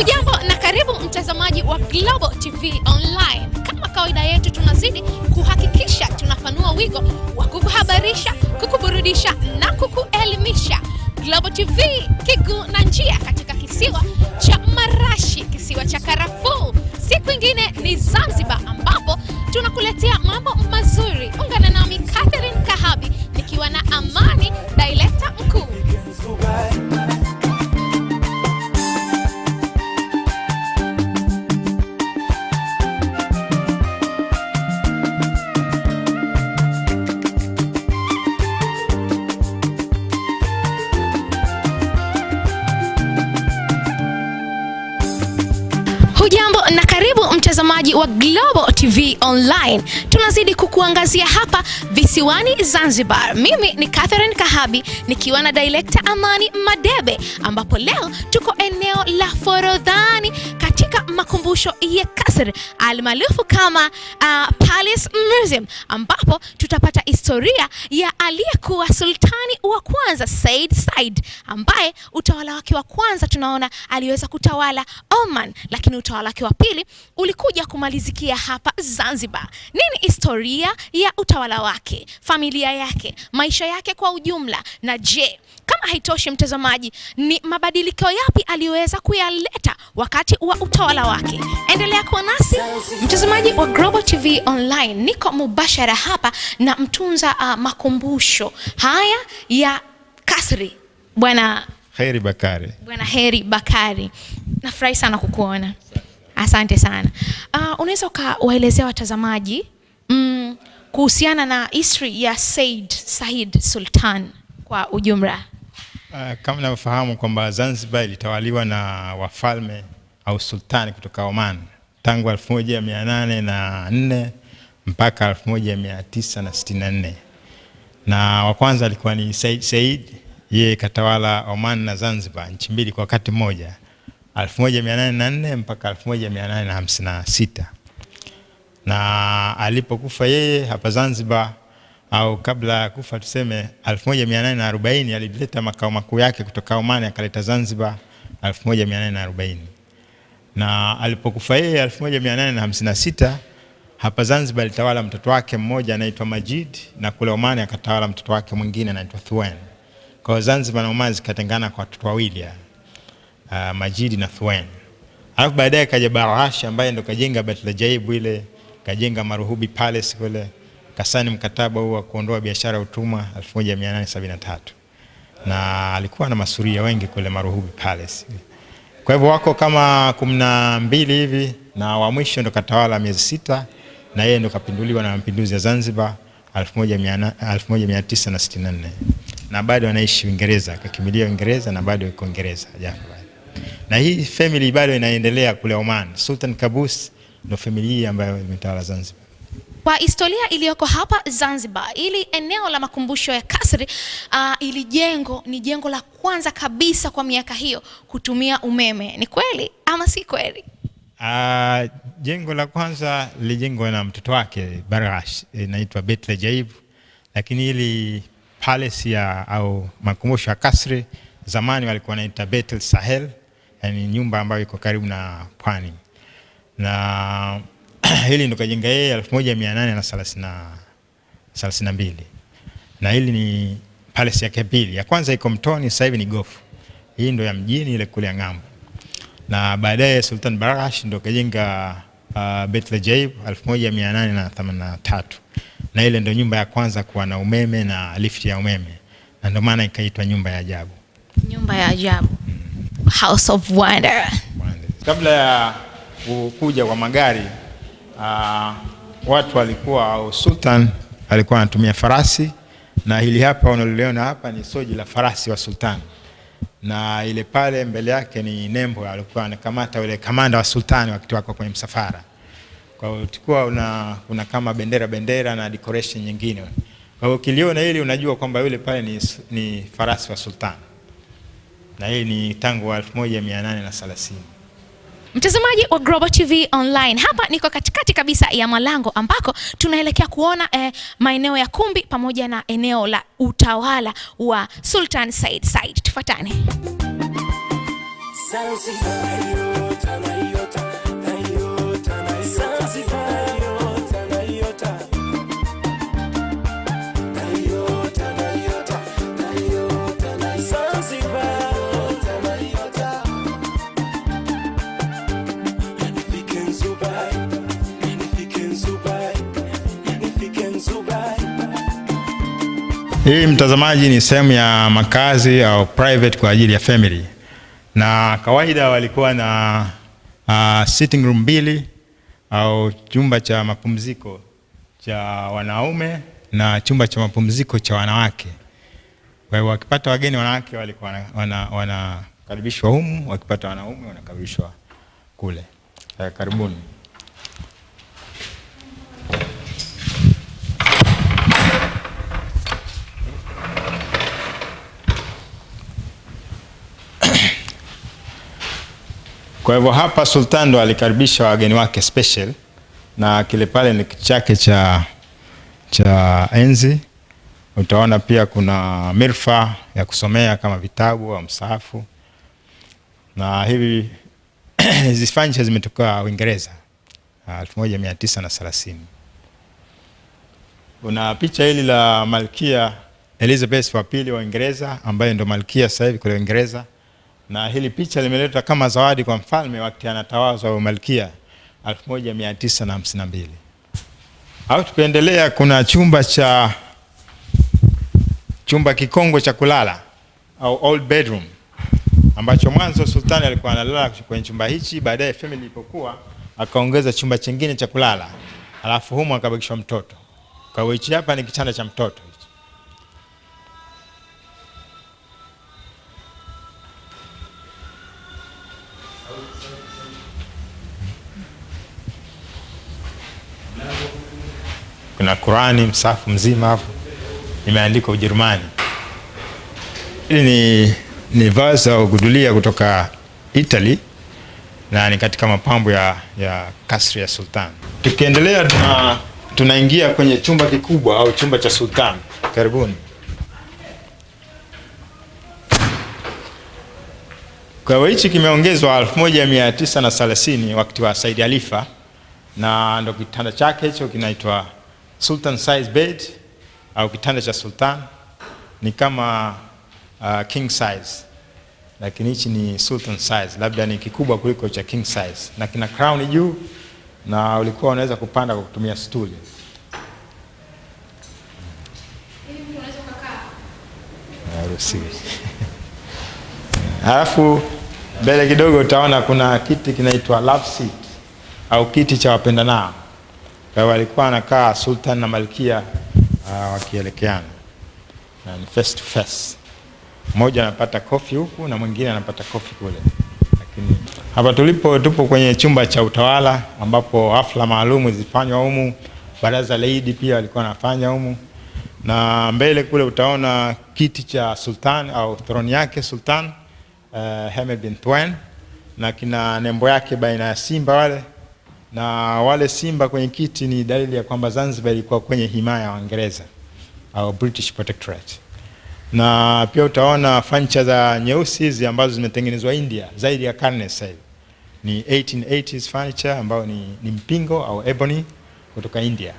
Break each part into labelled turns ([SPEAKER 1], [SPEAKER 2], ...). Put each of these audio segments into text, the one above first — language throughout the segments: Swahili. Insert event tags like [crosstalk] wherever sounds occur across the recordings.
[SPEAKER 1] Ujambo na karibu mtazamaji wa Global TV Online. Kama kawaida yetu, tunazidi kuhakikisha tunafanua wigo wa kukuhabarisha, kukuburudisha na kukuelimisha. Global TV kiguu na njia katika kisiwa cha marashi, kisiwa cha karafuu. Siku ingine ni Zanzibar, ambapo tunakuletea mambo mazuri. Ungana nami Catherine Kahabi nikiwa na Amani mtazamaji wa Global TV Online, tunazidi kukuangazia hapa visiwani Zanzibar. Mimi ni Catherine Kahabi nikiwa na director Amani Madebe, ambapo leo tuko eneo la Forodhani katika makumbusho ya Kasr almaarufu kama uh, Palace Museum ambapo tutapata historia ya aliyekuwa sultani wa kwanza Said Said ambaye utawala wake wa kwanza tunaona aliweza kutawala Oman, lakini utawala wake wa pili ulikuja kumalizikia hapa Zanzibar. Nini historia ya utawala wake, familia yake, maisha yake kwa ujumla na je kama haitoshi, mtazamaji, ni mabadiliko yapi aliyoweza kuyaleta wakati wa utawala wake? Endelea kuwa nasi mtazamaji wa Global TV Online. Niko mubashara hapa na mtunza uh, makumbusho haya ya kasri
[SPEAKER 2] bwana Heri Bakari.
[SPEAKER 1] Bwana Heri Bakari, nafurahi sana kukuona, asante sana. Uh, unaweza ukawaelezea watazamaji mm, kuhusiana na history ya Said Said Sultan kwa ujumla?
[SPEAKER 2] Uh, kama navyofahamu kwamba Zanzibar ilitawaliwa na wafalme au sultani kutoka Oman tangu 1804 mpaka 1964 na na na wa kwanza alikuwa ni Said Said, yeye katawala Oman na Zanzibar nchi mbili kwa wakati mmoja 1804 mpaka 1856 na alipokufa yeye hapa Zanzibar au kabla ya kufa tuseme 1840 alileta makao makuu yake kutoka Oman akaleta Zanzibar 1840 na alipokufa yeye 1856 hapa Zanzibar alitawala mtoto wake mmoja anaitwa Majid na kule Oman akatawala mtoto wake mwingine anaitwa Thuwain. Kwa hiyo Zanzibar na Oman zikatengana kwa watoto wawili uh, Majid na Thuwain. Alafu baadaye kaja Barash ambaye ndo kajenga Batlajaibu ile, kajenga Maruhubi Palace kule kasaini mkataba huu wa kuondoa biashara ya utumwa 1873 na alikuwa na masuria wengi kule Maruhubi Palace. Kwa hivyo wako kama kumi na mbili hivi, na wa mwisho ndo katawala miezi sita, na yeye ndo kapinduliwa na mapinduzi ya Zanzibar 1964 na bado anaishi Uingereza, kakimbilia Uingereza na bado yuko Uingereza Jafar. Na hii family bado inaendelea kule Oman. Sultan Kabus ndo familia ambayo imetawala Zanzibar.
[SPEAKER 1] Kwa historia iliyoko hapa Zanzibar, ili eneo la makumbusho ya kasri uh, ili jengo ni jengo la kwanza kabisa kwa miaka hiyo kutumia umeme. Ni kweli ama si kweli?
[SPEAKER 2] Uh, jengo la kwanza lilijengwa na mtoto wake Barash, inaitwa Betle jaib lakini ili palace ya au makumbusho ya kasri zamani walikuwa wanaita betel Sahel, yani nyumba ambayo iko karibu na pwani na [clears throat] hili ndo kajenga yeye elfu moja mia nane na thelathini na mbili na hili ni palace yake pili. Ya kwanza iko Mtoni, sasa hivi ni gofu. Hii ndo ya mjini ile kule ng'ambo, na baadaye Sultan Barash ndo kajenga uh, Betlehem elfu moja mia nane na themanini na tatu na ile ndo nyumba ya kwanza kuwa na umeme na lift ya umeme, na ndo maana ikaitwa nyumba ya ajabu,
[SPEAKER 1] nyumba ya ajabu, House of Wonder.
[SPEAKER 2] Kabla ya kuja kwa magari uh, watu walikuwa au sultan alikuwa anatumia farasi, na hili hapa unaloliona hapa ni soji la farasi wa sultan, na ile pale mbele yake ni nembo, alikuwa anakamata ile kamanda wa sultani wakati wako kwenye msafara. Kwa hiyo una, una kama bendera bendera na decoration nyingine. Kwa hiyo ukiliona hili unajua kwamba yule pale ni, ni farasi wa sultani, na hii ni tangu 1830.
[SPEAKER 1] Mtazamaji wa Global TV Online, hapa niko katikati kabisa ya Malango ambako tunaelekea kuona eh, maeneo ya kumbi pamoja na eneo la utawala wa Sultan Said Said. Tufuatane.
[SPEAKER 2] Hii mtazamaji, ni sehemu ya makazi au private kwa ajili ya family, na kawaida walikuwa na uh, sitting room mbili au chumba cha mapumziko cha wanaume na chumba cha mapumziko cha wanawake. Kwa hiyo wakipata wageni wanawake walikuwa wanakaribishwa wana, wana humu, wakipata wanaume wanakaribishwa kule. Eh, karibuni. Kwa hivyo hapa Sultan ndo alikaribisha wageni wake special, na kile pale ni kiti chake cha, cha enzi. Utaona pia kuna mirfa ya kusomea kama vitabu au msahafu, na hivi [clears throat] hizi fanicha zimetoka Uingereza 1930. Ah, kuna picha hili la Malkia Elizabeth wa pili wa Uingereza ambaye ndo malkia sasa hivi kule Uingereza na hili picha limeletwa kama zawadi kwa mfalme wakati anatawazwa umalkia 1952. Au tukiendelea, kuna chumba cha chumba kikongwe cha kulala au old bedroom ambacho mwanzo sultani alikuwa analala kwenye chumba hichi. Baadaye family ilipokuwa akaongeza chumba chingine cha kulala, alafu humo akabakishwa mtoto. Kwa hiyo hichi hapa ni kitanda cha mtoto. kuna Qurani msafu mzima hapo imeandikwa Ujerumani. Hili ni, ni vase au gudulia kutoka Italy na ni katika mapambo ya, ya kasri ya sultan. Tukiendelea tuna tunaingia kwenye chumba kikubwa au chumba cha sultan. Karibuni. Kwa hichi kimeongezwa 1930 wakati wa Said Alifa na ndo kitanda chake hicho kinaitwa sultan size bed au kitanda cha sultan ni kama uh, king size, lakini hichi ni sultan size, labda ni kikubwa kuliko cha king size na kina crown juu, na ulikuwa unaweza kupanda kwa kutumia stuli. [laughs] alafu mbele kidogo utaona kuna kiti kinaitwa love seat au kiti cha wapendanao. Kwa hiyo walikuwa anakaa sultan na malkia uh, wakielekeana na ni face to face, mmoja anapata kofi huku na mwingine anapata kofi kule. Lakini hapa tulipo tupo kwenye chumba cha utawala ambapo hafla maalum zifanywa humu, baraza la Idi pia walikuwa wanafanya humu, na mbele kule utaona kiti cha sultan au throne yake sultan uh, eh, Hamed bin Twain na kina nembo yake baina ya simba wale na wale simba kwenye kiti ni dalili ya kwamba Zanzibar ilikuwa kwenye himaya ya Waingereza au British Protectorate. Na pia utaona fancha za nyeusi hizi ambazo zimetengenezwa India zaidi ya karne sasa hivi ni 1880s furniture ambayo ni, ni mpingo au ebony kutoka India.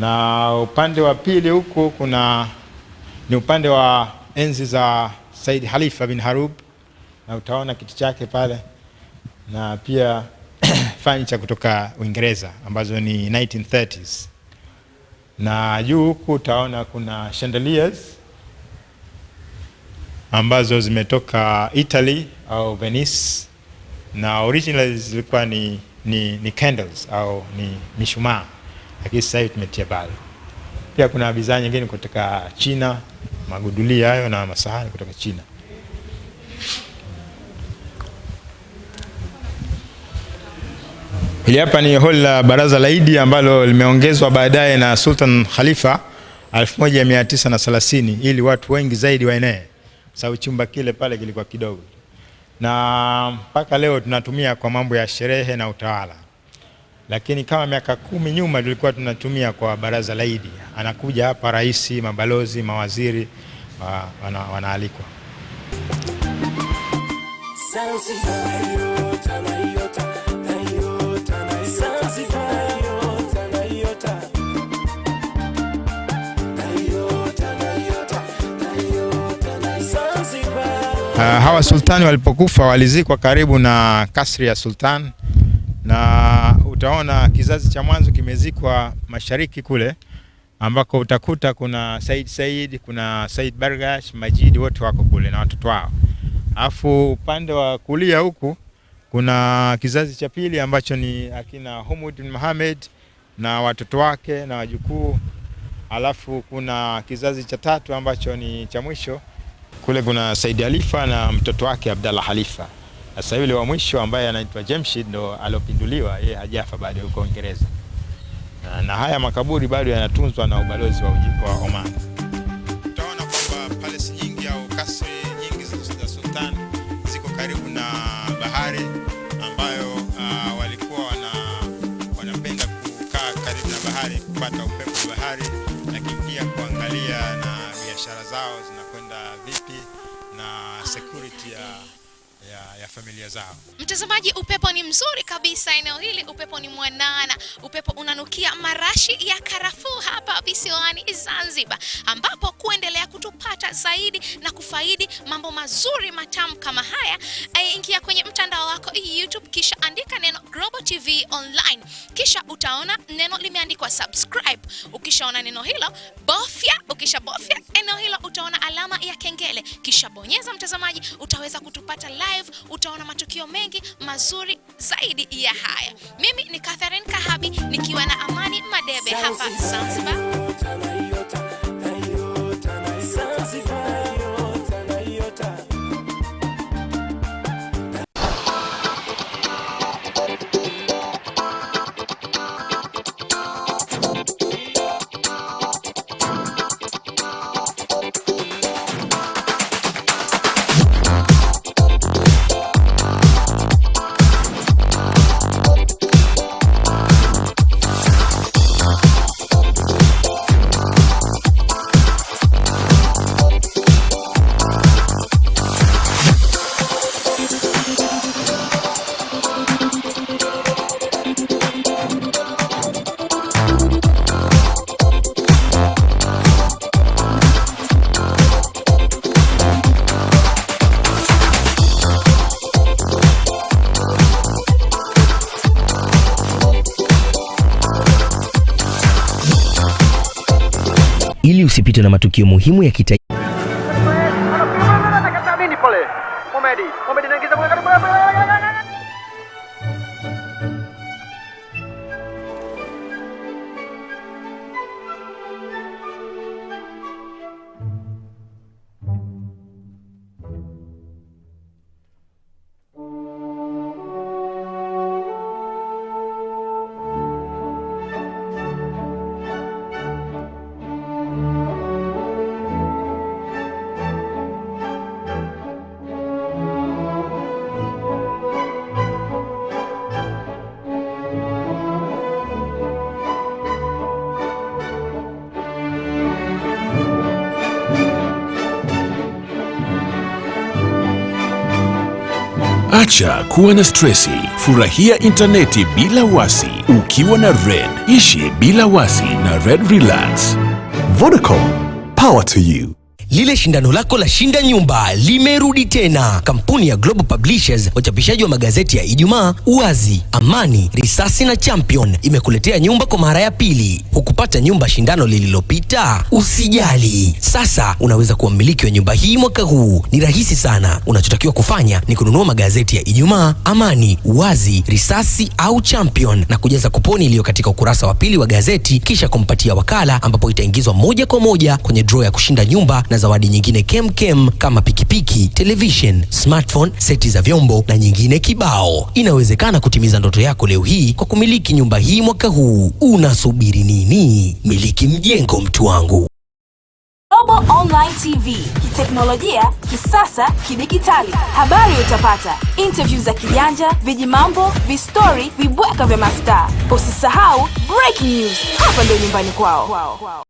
[SPEAKER 2] Na upande wa pili huku kuna ni upande wa enzi za Said Khalifa bin Harub na utaona kiti chake pale na pia fanicha kutoka Uingereza ambazo ni 1930s na juu huku utaona kuna chandeliers ambazo zimetoka Italy au Venice na original zilikuwa ni, ni, ni candles au ni mishumaa, lakini sasa hivi tumetia bali. Pia kuna bidhaa nyingine kutoka China, magudulia hayo na masahani kutoka China. Hili hapa ni hall la baraza la Idi ambalo limeongezwa baadaye na Sultan Khalifa 1930 ili watu wengi zaidi waenee, sababu chumba kile pale kilikuwa kidogo, na mpaka leo tunatumia kwa mambo ya sherehe na utawala, lakini kama miaka kumi nyuma tulikuwa tunatumia kwa baraza la Idi. Anakuja hapa rais, mabalozi, mawaziri wanaalikwa wana Uh, hawa sultani walipokufa walizikwa karibu na kasri ya sultan, na utaona kizazi cha mwanzo kimezikwa mashariki kule ambako utakuta kuna Said Said, kuna Said Bargash, Majidi wote wako kule na watoto wao. Alafu upande wa kulia huku kuna kizazi cha pili ambacho ni akina Humud bin Muhammad na watoto wake na wajukuu. Alafu kuna kizazi cha tatu ambacho ni cha mwisho kule kuna Said Halifa na mtoto wake abdallah Halifa. Sasa yule wa mwisho ambaye anaitwa Jemshid ndo aliopinduliwa, yeye hajafa bado, huko Uingereza na, na haya makaburi bado yanatunzwa na ubalozi wa ujibu wa Oman. Utaona kwamba palesi nyingi au kasri nyingi za sultan ziko karibu na bahari ambayo uh, walikuwa wana, wanapenda
[SPEAKER 1] kukaa karibu na bahari kupata upepo wa bahari, lakini pia kuangalia na biashara zao zinakwenda vipi na ah, security ya ya, ya familia zao. Mtazamaji, upepo ni mzuri kabisa eneo hili, upepo ni mwanana, upepo unanukia marashi ya karafuu hapa visiwani Zanzibar, ambapo kuendelea kutupata zaidi na kufaidi mambo mazuri matamu kama haya, eh, ingia kwenye mtandao wako YouTube, kisha andika neno Global TV Online, kisha utaona neno limeandikwa subscribe. Ukishaona neno hilo bofya, ukishabofya eneo hilo utaona alama ya kengele, kisha bonyeza mtazamaji, utaweza kutupata live live utaona matukio mengi mazuri zaidi ya haya. Mimi ni Catherine Kahabi nikiwa na Amani Madebe hapa Zanzibar.
[SPEAKER 3] matukio muhimu ya kitaifa Acha kuwa na stresi, furahia intaneti bila wasi ukiwa na Red. Ishi bila wasi na Red Relax. Vodacom, power to you
[SPEAKER 4] lile shindano lako la shinda nyumba limerudi tena. Kampuni ya Global Publishers, wachapishaji wa magazeti ya Ijumaa, Uwazi, Amani, Risasi na Champion imekuletea nyumba kwa mara ya pili. Hukupata nyumba shindano lililopita? Usijali, sasa unaweza kuwa mmiliki wa nyumba hii mwaka huu. Ni rahisi sana, unachotakiwa kufanya ni kununua magazeti ya Ijumaa, Amani, Uwazi, Risasi au Champion na kujaza kuponi iliyo katika ukurasa wa pili wa gazeti, kisha kumpatia wakala, ambapo itaingizwa moja kwa moja kwenye draw ya kushinda nyumba na zawadi nyingine kem kama pikipiki, television, smartphone, seti za vyombo na nyingine kibao. Inawezekana kutimiza ndoto yako leo hii kwa kumiliki nyumba hii mwaka huu. Unasubiri nini? Miliki mjengo, mtu wangu.
[SPEAKER 1] Global Online TV, kiteknolojia, kisasa, kidigitali. Habari utapata, interview za kijanja, vijimambo, vistori, vibweka vya mastaa. Usisahau breaking news, hapa ndio nyumbani kwao.